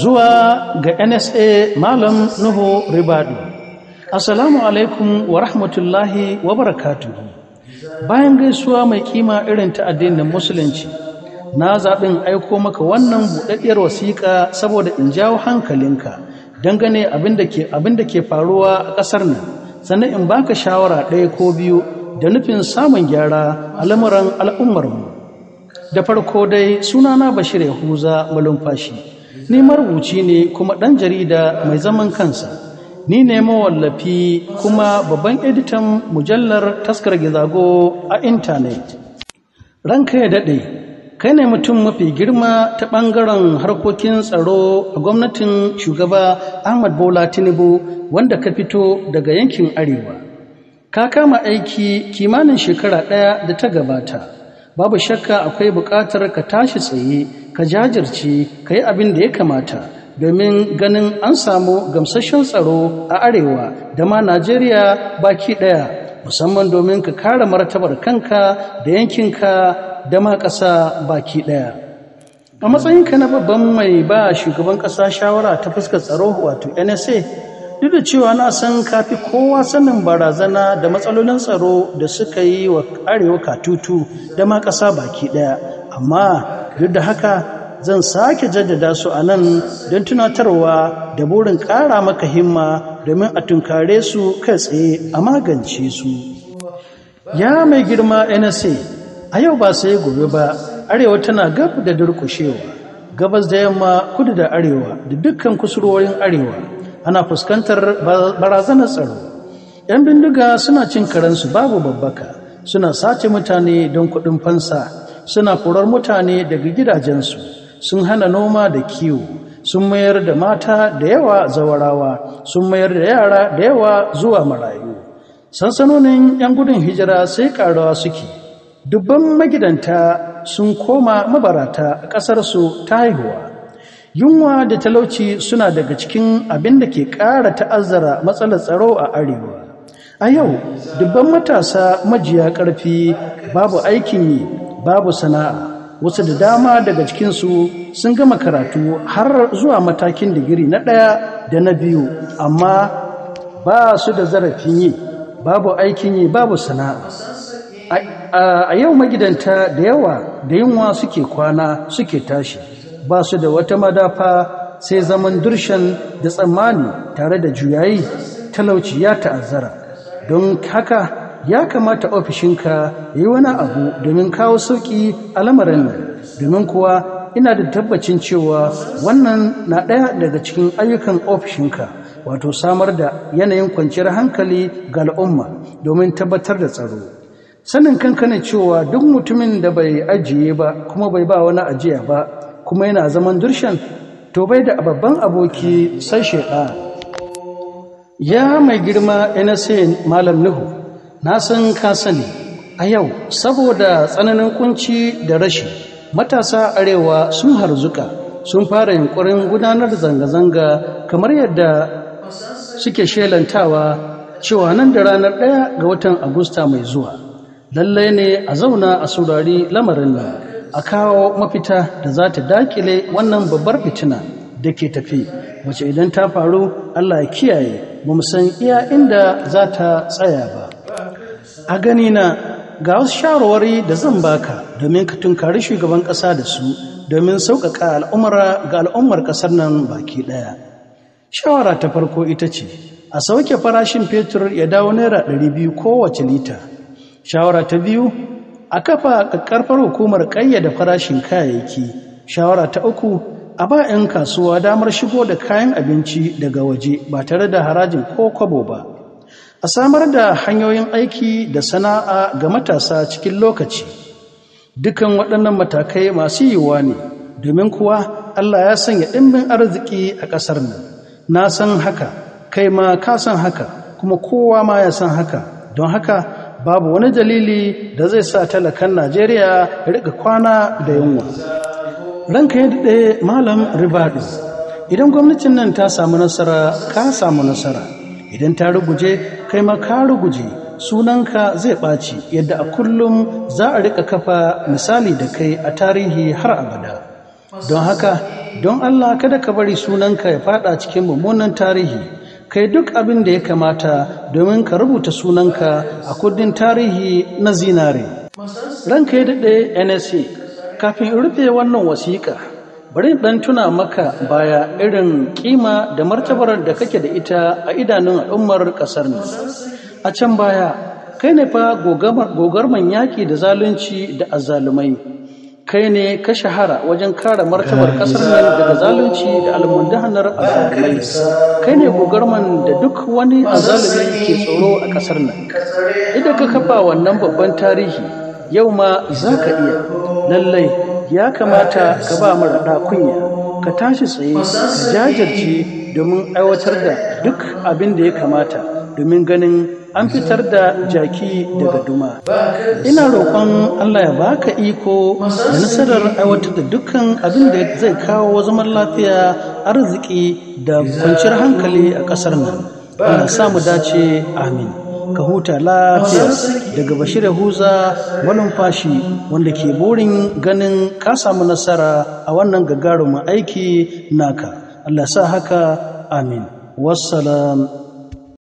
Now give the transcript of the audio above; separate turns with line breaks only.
Zuwa ga NSA Malam Nuhu Ribadu. Assalamu alaikum wa rahmatullahi wa barakatu. Bayan gaisuwa mai kima irin ta addinin Musulunci, na zaɓin aiko maka wannan buɗaɗɗiyar wasiƙa saboda in jawo hankalinka dangane abin da ke faruwa a ƙasar nan, sannan in baka shawara ɗaya ko biyu da nufin samun gyara a lamuran al'ummarmu. da farko dai sunana bashir yahuza malumfashi ni marubuci ne kuma ɗan jarida mai zaman kansa ni ne mawallafi kuma babban editan mujallar taskar gizago a intanet ranka ya daɗe kai ne mutum mafi girma ta ɓangaren harkokin tsaro a gwamnatin shugaba ahmad bola tinubu wanda ka fito daga yankin arewa ka kama aiki kimanin shekara ɗaya da ta gabata babu shakka akwai buƙatar ka tashi tsaye ka jajirce ka yi abin da ya kamata domin ganin an samu gamsashen tsaro a arewa da ma najeriya baki ɗaya musamman domin ka kare martabar kanka da yankinka da ma ƙasa baki ɗaya a matsayinka na babban mai ba shugaban ƙasa shawara ta fuskar tsaro wato nsa duk da cewa na san kafi kowa sanin barazana da matsalolin tsaro da suka yi wa arewa katutu da ma ƙasa baki ɗaya amma duk da haka zan sake jaddada su a nan don tunatarwa da burin ƙara maka himma domin a tunkare su kai tsaye a magance su ya mai girma nsa a yau ba sai gobe ba arewa tana gab da durƙushewa gabas da yamma kudu da arewa da dukkan kusurwoyin arewa ana fuskantar barazanar tsaro yan bindiga suna cin karensu babu babbaka suna sace mutane don kuɗin fansa suna korar mutane daga gidajensu sun hana noma da kiwo sun mayar da mata da yawa zawarawa sun mayar da yara da yawa zuwa marayu sansanonin 'yan gudun hijira sai karawa suke dubban magidanta sun koma mabarata a ƙasarsu ta haihuwa Yunwa da talauci suna daga cikin abin da ke ƙara ta'azzara matsalar tsaro a Arewa. A yau, dubban matasa majiya ƙarfi babu aikin yi, babu sana'a. Wasu da dama daga cikinsu sun gama karatu har zuwa matakin digiri na ɗaya da na biyu, amma ba su da zarafin yi, babu aikin yi, babu sana'a. A yau magidanta da yawa da yunwa suke kwana suke tashi. ba su da wata madafa sai zaman durshan da tsammani tare da juyayi talauci ya ta'azzara don haka ya kamata ofishinka ya yi wani abu domin kawo sauƙi a lamarin nan domin kuwa ina da tabbacin cewa wannan na ɗaya daga cikin ayyukan ofishinka wato samar da yanayin kwanciyar hankali ga al'umma domin tabbatar da tsaro sanin kankanin cewa duk mutumin da bai ajiye ba kuma bai ba wani ajiya ba kuma yana zaman dirshan, to bai da babban aboki sai shaidan ya mai girma nsa malam nuhu na san ka sani a yau saboda tsananin kunci da rashi matasa arewa sun harzuka sun fara yunkurin gudanar zanga-zanga kamar yadda suke shelantawa cewa nan da ranar ɗaya ga watan agusta mai zuwa lallai ne a zauna a saurari lamarin nan a kawo mafita da za ta dakile wannan babbar fitina da ke tafi wace idan ta faru Allah ya kiyaye ba mu san iya inda za ta tsaya ba a gani na ga wasu shawarwari da zan baka domin ka tunkari shugaban ƙasa da su domin sauƙaƙa al'umara ga al'ummar ƙasar nan baki ɗaya shawara ta farko ita ce a sauke farashin fetur ya dawo naira 200 kowace lita shawara ta biyu a kafa ƙarfar hukumar ƙayyada farashin kayayyaki shawara ta uku a ba 'yan kasuwa damar shigo da kayan abinci daga waje ba tare da harajin ko kwabo ba a samar da hanyoyin aiki da sana'a ga matasa cikin lokaci dukan waɗannan matakai masu yiwuwa ne domin kuwa allah ya sanya ɗimbin arziki a ƙasar nan na san haka kai ma ka san haka kuma kowa ma ya san haka don haka babu wani dalili da zai sa talakan najeriya riga kwana da yunwa ranka yadda ɗaya malam ribadu idan gwamnatin nan ta samu nasara ka samu nasara idan ta ruguje kai ma ka ruguje sunanka zai ɓaci yadda a kullum za a rika kafa misali da kai a tarihi har abada don haka don allah kada ka bari sunanka ya faɗa cikin mummunan tarihi kai duk abin da ya kamata domin ka rubuta sunanka a kudin tarihi na zinare ranka ya daɗe nsa kafin rufe wannan wasiƙa bari ɗan tuna maka baya irin kima da martabar da kake da ita a idanun al'ummar ƙasar ne, a can baya kai ne fa gogarman yaƙi da zalunci da azzalumai kai ne ka shahara wajen kare martabar ƙasar nan daga zalunci da almundahanar azalumai kai ne gogarman da duk wani azalumi ke tsoro a ƙasar nan idan ka kafa wannan babban tarihi yau ma za ka iya lallai ya kamata ka ba mara kunya ka tashi tsaye ka jajirce domin aiwatar da duk abin da ya kamata domin ganin an fitar da jaki daga duma ina roƙon allah ya baka iko da nasarar aiwatar da dukkan abin da zai kawo zaman lafiya arziki da kwanciyar hankali a ƙasar nan allah mu dace amin ka huta lafiya daga bashir huza fashi wanda ke burin ganin ka samu nasara a wannan gagarumin aiki naka allah sa haka amin wassalam